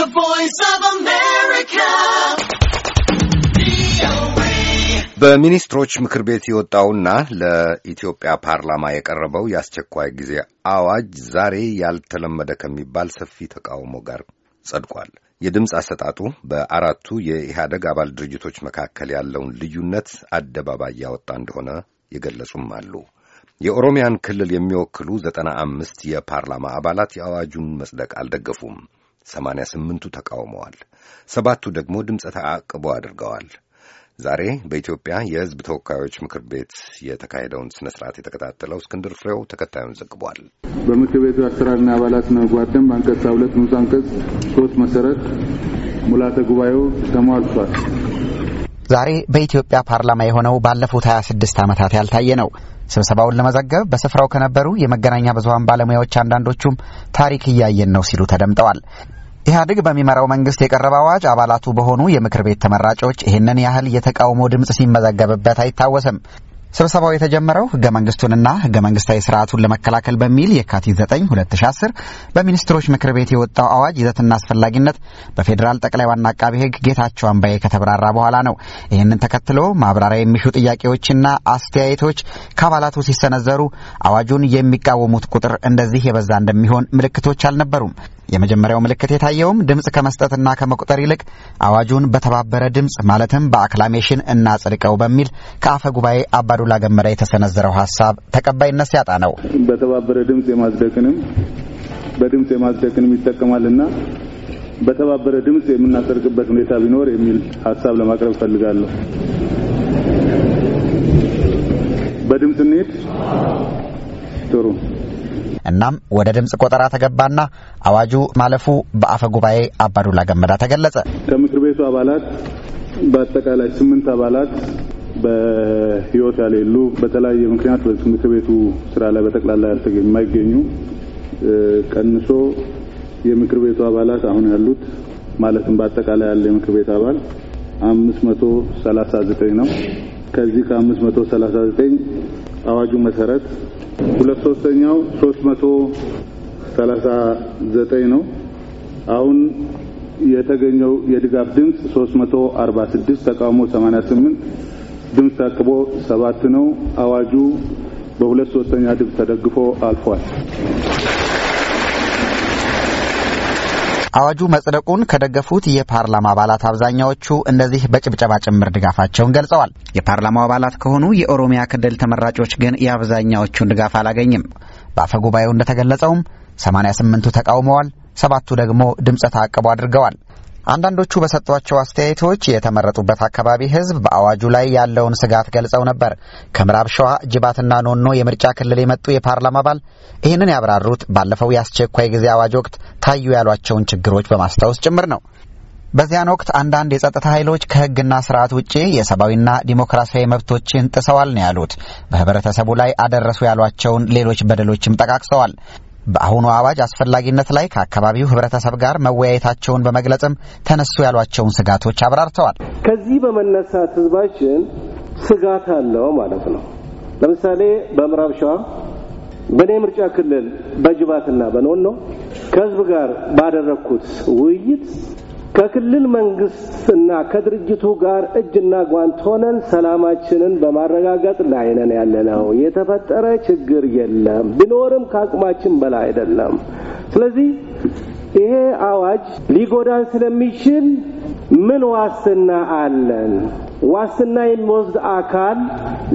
The Voice of America. በሚኒስትሮች ምክር ቤት የወጣውና ለኢትዮጵያ ፓርላማ የቀረበው የአስቸኳይ ጊዜ አዋጅ ዛሬ ያልተለመደ ከሚባል ሰፊ ተቃውሞ ጋር ጸድቋል። የድምፅ አሰጣጡ በአራቱ የኢህአደግ አባል ድርጅቶች መካከል ያለውን ልዩነት አደባባይ ያወጣ እንደሆነ የገለጹም አሉ። የኦሮሚያን ክልል የሚወክሉ ዘጠና አምስት የፓርላማ አባላት የአዋጁን መጽደቅ አልደገፉም። ሰማንያ ስምንቱ ተቃውመዋል፣ ሰባቱ ደግሞ ድምፀ ተአቅቦ አድርገዋል። ዛሬ በኢትዮጵያ የሕዝብ ተወካዮች ምክር ቤት የተካሄደውን ስነ ስርዓት የተከታተለው እስክንድር ፍሬው ተከታዩን ዘግቧል። በምክር ቤቱ አሰራርና አባላት ስነምግባር ደንብ አንቀጽ ሁለት ንዑስ አንቀጽ ሶስት መሰረት ሙላተ ጉባኤው ተሟልቷል። ዛሬ በኢትዮጵያ ፓርላማ የሆነው ባለፉት 26 ዓመታት ያልታየ ነው። ስብሰባውን ለመዘገብ በስፍራው ከነበሩ የመገናኛ ብዙኃን ባለሙያዎች አንዳንዶቹም ታሪክ እያየን ነው ሲሉ ተደምጠዋል። ኢህአዴግ በሚመራው መንግስት የቀረበ አዋጅ አባላቱ በሆኑ የምክር ቤት ተመራጮች ይህንን ያህል የተቃውሞ ድምፅ ሲመዘገብበት አይታወስም። ስብሰባው የተጀመረው ህገ መንግስቱንና ህገ መንግስታዊ ስርዓቱን ለመከላከል በሚል የካቲት 9 2010 በሚኒስትሮች ምክር ቤት የወጣው አዋጅ ይዘትና አስፈላጊነት በፌዴራል ጠቅላይ ዋና አቃቢ ህግ ጌታቸው አምባዬ ከተብራራ በኋላ ነው። ይህንን ተከትሎ ማብራሪያ የሚሹ ጥያቄዎችና አስተያየቶች ከአባላቱ ሲሰነዘሩ አዋጁን የሚቃወሙት ቁጥር እንደዚህ የበዛ እንደሚሆን ምልክቶች አልነበሩም። የመጀመሪያው ምልክት የታየውም ድምፅ ከመስጠትና ከመቁጠር ይልቅ አዋጁን በተባበረ ድምፅ ማለትም በአክላሜሽን እናጽድቀው በሚል ከአፈ ጉባኤ አባዱላ ገመዳ የተሰነዘረው ሀሳብ ተቀባይነት ሲያጣ ነው። በተባበረ ድምፅ የማጽደቅንም በድምፅ የማጽደቅንም ይጠቀማልና በተባበረ ድምፅ የምናጸድቅበት ሁኔታ ቢኖር የሚል ሀሳብ ለማቅረብ እፈልጋለሁ። በድምፅ እንሂድ። ጥሩ እናም ወደ ድምፅ ቆጠራ ተገባና አዋጁ ማለፉ በአፈ ጉባኤ አባዱላ ገመዳ ተገለጸ። ከምክር ቤቱ አባላት በአጠቃላይ ስምንት አባላት በህይወት ያሌሉ በተለያየ ምክንያት በምክር ቤቱ ስራ ላይ በጠቅላላ የማይገኙ ቀንሶ የምክር ቤቱ አባላት አሁን ያሉት ማለትም በአጠቃላይ ያለ የምክር ቤት አባል አምስት መቶ ሰላሳ ዘጠኝ ነው። ከዚህ ከ539 አዋጁ መሰረት ሁለት ሶስተኛው 339 ነው። አሁን የተገኘው የድጋፍ ድምፅ 346፣ ተቃውሞ 88፣ ድምፅ ታቅቦ ሰባት ነው። አዋጁ በሁለት ሶስተኛ ድምፅ ተደግፎ አልፏል። አዋጁ መጽደቁን ከደገፉት የፓርላማ አባላት አብዛኛዎቹ እንደዚህ በጭብጨባ ጭምር ድጋፋቸውን ገልጸዋል። የፓርላማው አባላት ከሆኑ የኦሮሚያ ክልል ተመራጮች ግን የአብዛኛዎቹን ድጋፍ አላገኝም። በአፈ ጉባኤው እንደተገለጸውም 88ቱ ተቃውመዋል፣ ሰባቱ ደግሞ ድምፀ ተአቅቦ አድርገዋል። አንዳንዶቹ በሰጧቸው አስተያየቶች የተመረጡበት አካባቢ ህዝብ በአዋጁ ላይ ያለውን ስጋት ገልጸው ነበር። ከምዕራብ ሸዋ ጅባትና ኖኖ የምርጫ ክልል የመጡ የፓርላማ አባል ይህንን ያብራሩት ባለፈው የአስቸኳይ ጊዜ አዋጅ ወቅት ታዩ ያሏቸውን ችግሮች በማስታወስ ጭምር ነው። በዚያን ወቅት አንዳንድ የጸጥታ ኃይሎች ከህግና ስርዓት ውጪ የሰብአዊና ዲሞክራሲያዊ መብቶችን ጥሰዋል ነው ያሉት። በህብረተሰቡ ላይ አደረሱ ያሏቸውን ሌሎች በደሎችም ጠቃቅሰዋል። በአሁኑ አዋጅ አስፈላጊነት ላይ ከአካባቢው ህብረተሰብ ጋር መወያየታቸውን በመግለጽም ተነሱ ያሏቸውን ስጋቶች አብራርተዋል። ከዚህ በመነሳት ህዝባችን ስጋት አለው ማለት ነው። ለምሳሌ በምዕራብ ሸዋ በእኔ ምርጫ ክልል በጅባትና በኖኖ ከህዝብ ጋር ባደረግኩት ውይይት ከክልል መንግስትና ከድርጅቱ ጋር እጅና ጓንት ሆነን ሰላማችንን በማረጋገጥ ላይ ነን ያለነው። የተፈጠረ ችግር የለም፣ ቢኖርም ከአቅማችን በላይ አይደለም። ስለዚህ ይሄ አዋጅ ሊጎዳን ስለሚችል ምን ዋስትና አለን? ዋስትና የሚወስድ አካል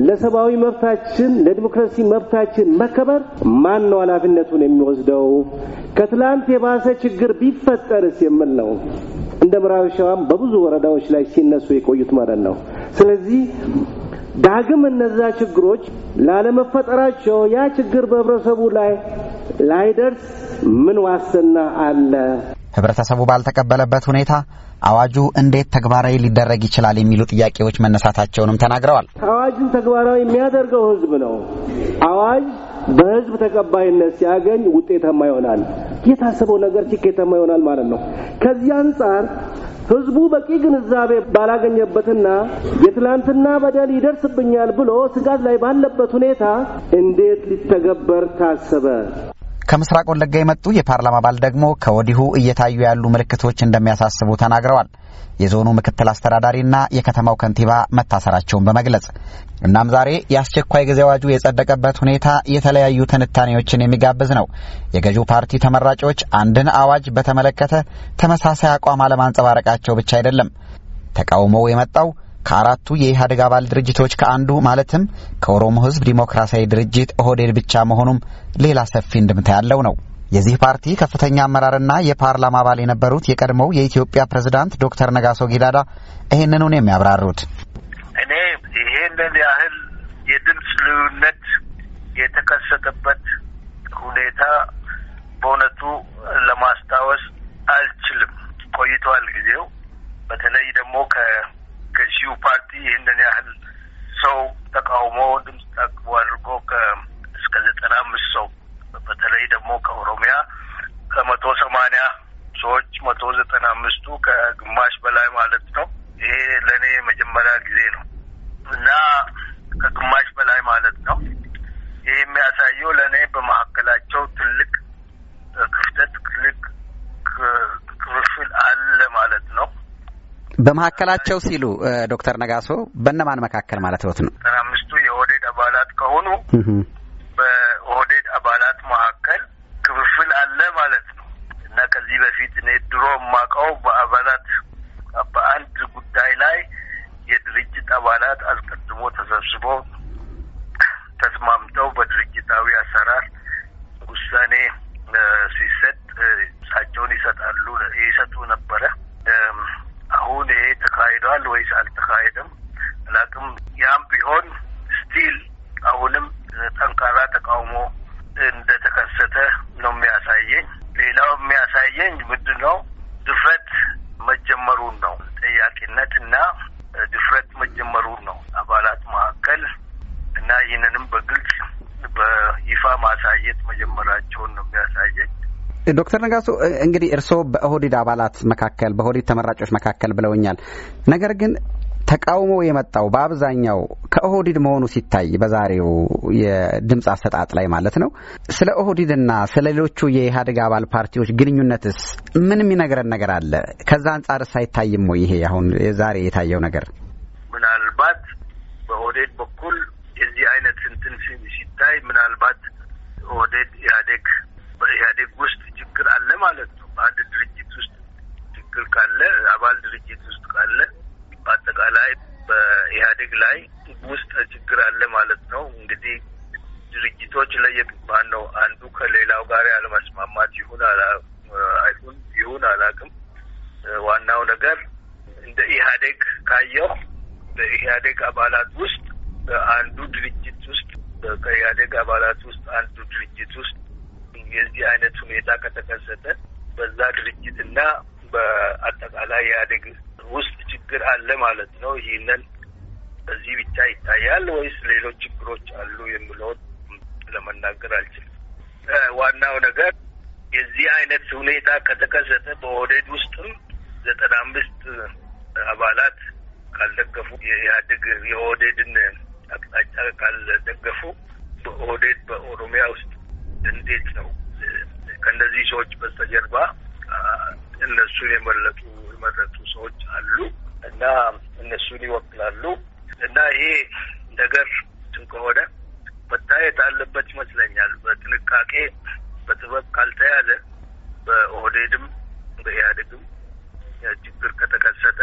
ለሰብአዊ መብታችን ለዲሞክራሲ መብታችን መከበር ማን ነው ኃላፊነቱን የሚወስደው? ከትላንት የባሰ ችግር ቢፈጠርስ የምል ነው። እንደ ምዕራብ ሸዋም በብዙ ወረዳዎች ላይ ሲነሱ የቆዩት ማለት ነው። ስለዚህ ዳግም እነዛ ችግሮች ላለመፈጠራቸው ያ ችግር በህብረተሰቡ ላይ ላይደርስ ምን ዋስና አለ? ህብረተሰቡ ባልተቀበለበት ሁኔታ አዋጁ እንዴት ተግባራዊ ሊደረግ ይችላል የሚሉ ጥያቄዎች መነሳታቸውንም ተናግረዋል። አዋጅን ተግባራዊ የሚያደርገው ህዝብ ነው። አዋጅ በህዝብ ተቀባይነት ሲያገኝ ውጤታማ ይሆናል። የታሰበው ነገር ስኬታማ ይሆናል ማለት ነው። ከዚህ አንጻር ህዝቡ በቂ ግንዛቤ ባላገኘበትና የትላንትና በደል ይደርስብኛል ብሎ ስጋት ላይ ባለበት ሁኔታ እንዴት ሊተገበር ታሰበ ከምስራቅ ወለጋ የመጡ የፓርላማ አባል ደግሞ ከወዲሁ እየታዩ ያሉ ምልክቶች እንደሚያሳስቡ ተናግረዋል። የዞኑ ምክትል አስተዳዳሪና የከተማው ከንቲባ መታሰራቸውን በመግለጽ እናም ዛሬ የአስቸኳይ ጊዜ አዋጁ የጸደቀበት ሁኔታ የተለያዩ ትንታኔዎችን የሚጋብዝ ነው። የገዢው ፓርቲ ተመራጮች አንድን አዋጅ በተመለከተ ተመሳሳይ አቋም አለማንጸባረቃቸው ብቻ አይደለም። ተቃውሞው የመጣው ከአራቱ የኢህአዴግ አባል ድርጅቶች ከአንዱ ማለትም ከኦሮሞ ህዝብ ዲሞክራሲያዊ ድርጅት ኦህዴድ ብቻ መሆኑም ሌላ ሰፊ እንድምታ ያለው ነው። የዚህ ፓርቲ ከፍተኛ አመራርና የፓርላማ አባል የነበሩት የቀድሞው የኢትዮጵያ ፕሬዝዳንት ዶክተር ነጋሶ ጊዳዳ ይህንን የሚያብራሩት። እኔ ይህንን ያህል የድምፅ ልዩነት የተከሰተበት ሁኔታ በእውነቱ ለማስታወስ አልችልም። ቆይቷል ጊዜው። በተለይ ደግሞ ከ جيو بارتي هنا نحن سو በመካከላቸው ሲሉ ዶክተር ነጋሶ በእነማን መካከል ማለት ነው? አምስቱ የኦህዴድ አባላት ከሆኑ ተካሂዷል ወይስ አልተካሄደም አላውቅም። ያም ቢሆን ስቲል አሁንም ጠንካራ ተቃውሞ እንደተከሰተ ነው የሚያሳየኝ። ሌላው የሚያሳየኝ ምንድን ነው ድፍረት መጀመሩን ነው። ጠያቂነት እና ድፍረት መጀመሩን ነው አባላት መካከል እና ይህንንም በግልጽ በይፋ ማሳየት መጀመራቸውን ነው የሚያሳየኝ። ዶክተር ነጋሶ እንግዲህ እርስዎ በኦህዴድ አባላት መካከል በኦህዴድ ተመራጮች መካከል ብለውኛል። ነገር ግን ተቃውሞ የመጣው በአብዛኛው ከኦህዲድ መሆኑ ሲታይ በዛሬው የድምፅ አሰጣጥ ላይ ማለት ነው። ስለ ኦህዲድና ስለ ሌሎቹ የኢህአዴግ አባል ፓርቲዎች ግንኙነትስ ምንም ይነግረን ነገር አለ? ከዛ አንጻርስ አይታይም ወይ? ይሄ አሁን ዛሬ የታየው ነገር ምናልባት በኦህዴድ በኩል የዚህ አይነት እንትን ሲታይ ምናልባት ኦህዴድ ኢህአዴግ በኢህአዴግ ውስጥ ችግር አለ ማለት ነው። በአንድ ድርጅት ውስጥ ችግር ካለ አባል ድርጅት ውስጥ ካለ በአጠቃላይ በኢህአዴግ ላይ ውስጥ ችግር አለ ማለት ነው። እንግዲህ ድርጅቶች ለየግባ ነው አንዱ ከሌላው ጋር ያለመስማማት ይሁን አይሁን ይሁን አላውቅም። ዋናው ነገር እንደ ኢህአዴግ ካየው በኢህአዴግ አባላት ውስጥ በአንዱ ድርጅት ውስጥ ከኢህአዴግ አባላት ውስጥ አንዱ ድርጅት ውስጥ የዚህ አይነት ሁኔታ ከተከሰተ በዛ ድርጅትና በአጠቃላይ ኢህአዴግ ውስጥ ችግር አለ ማለት ነው። ይህንን በዚህ ብቻ ይታያል ወይስ ሌሎች ችግሮች አሉ የሚለውን ለመናገር አልችልም። ዋናው ነገር የዚህ አይነት ሁኔታ ከተከሰተ በኦህዴድ ውስጥም ዘጠና አምስት አባላት ካልደገፉ የኢህአዴግ የኦህዴድን አቅጣጫ ካልደገፉ በኦህዴድ በኦሮሚያ ውስጥ እንዴት ነው ከእነዚህ ሰዎች በስተጀርባ እነሱን የመረጡ የመረጡ ሰዎች አሉ እና እነሱን ይወክላሉ እና ይሄ ነገር እንትን ከሆነ መታየት አለበት ይመስለኛል። በጥንቃቄ በጥበብ ካልተያዘ በኦህዴድም በኢህአዴግም ችግር ከተከሰተ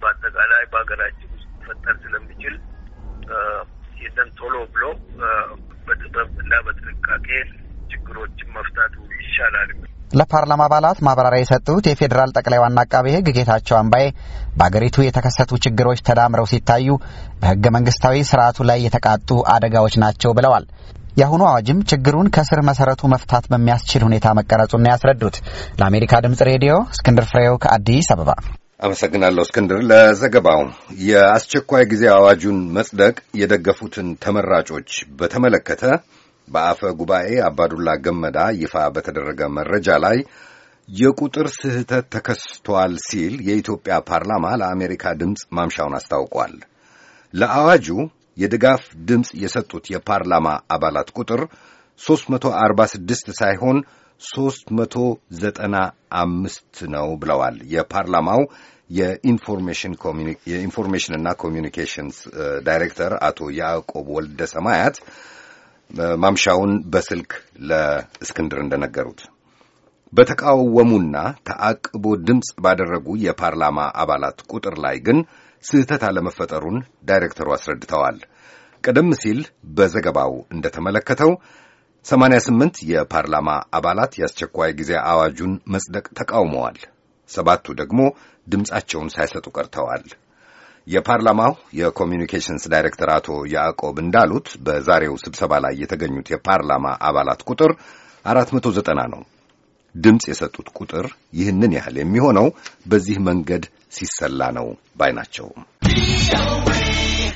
በአጠቃላይ በሀገራችን ውስጥ ሊፈጠር ስለሚችል ይህንን ቶሎ ብሎ በጥበብ ይቻላል። ለፓርላማ አባላት ማብራሪያ የሰጡት የፌዴራል ጠቅላይ ዋና አቃቤ ሕግ ጌታቸው አምባዬ በአገሪቱ የተከሰቱ ችግሮች ተዳምረው ሲታዩ በህገ መንግስታዊ ስርዓቱ ላይ የተቃጡ አደጋዎች ናቸው ብለዋል። የአሁኑ አዋጅም ችግሩን ከስር መሰረቱ መፍታት በሚያስችል ሁኔታ መቀረጹና ያስረዱት። ለአሜሪካ ድምጽ ሬዲዮ እስክንድር ፍሬው ከአዲስ አበባ አመሰግናለሁ። እስክንድር ለዘገባው። የአስቸኳይ ጊዜ አዋጁን መጽደቅ የደገፉትን ተመራጮች በተመለከተ በአፈ ጉባኤ አባዱላ ገመዳ ይፋ በተደረገ መረጃ ላይ የቁጥር ስህተት ተከስቷል ሲል የኢትዮጵያ ፓርላማ ለአሜሪካ ድምፅ ማምሻውን አስታውቋል። ለአዋጁ የድጋፍ ድምፅ የሰጡት የፓርላማ አባላት ቁጥር 346 ሳይሆን 395 ነው ብለዋል የፓርላማው የኢንፎርሜሽንና ኮሚኒኬሽንስ ዳይሬክተር አቶ ያዕቆብ ወልደ ሰማያት ማምሻውን በስልክ ለእስክንድር እንደነገሩት በተቃወሙና ተአቅቦ ድምፅ ባደረጉ የፓርላማ አባላት ቁጥር ላይ ግን ስህተት አለመፈጠሩን ዳይሬክተሩ አስረድተዋል። ቀደም ሲል በዘገባው እንደተመለከተው 88 የፓርላማ አባላት የአስቸኳይ ጊዜ አዋጁን መጽደቅ ተቃውመዋል። ሰባቱ ደግሞ ድምፃቸውን ሳይሰጡ ቀርተዋል። የፓርላማው የኮሚኒኬሽንስ ዳይሬክተር አቶ ያዕቆብ እንዳሉት በዛሬው ስብሰባ ላይ የተገኙት የፓርላማ አባላት ቁጥር 490 ነው። ድምፅ የሰጡት ቁጥር ይህንን ያህል የሚሆነው በዚህ መንገድ ሲሰላ ነው ባይ ናቸው።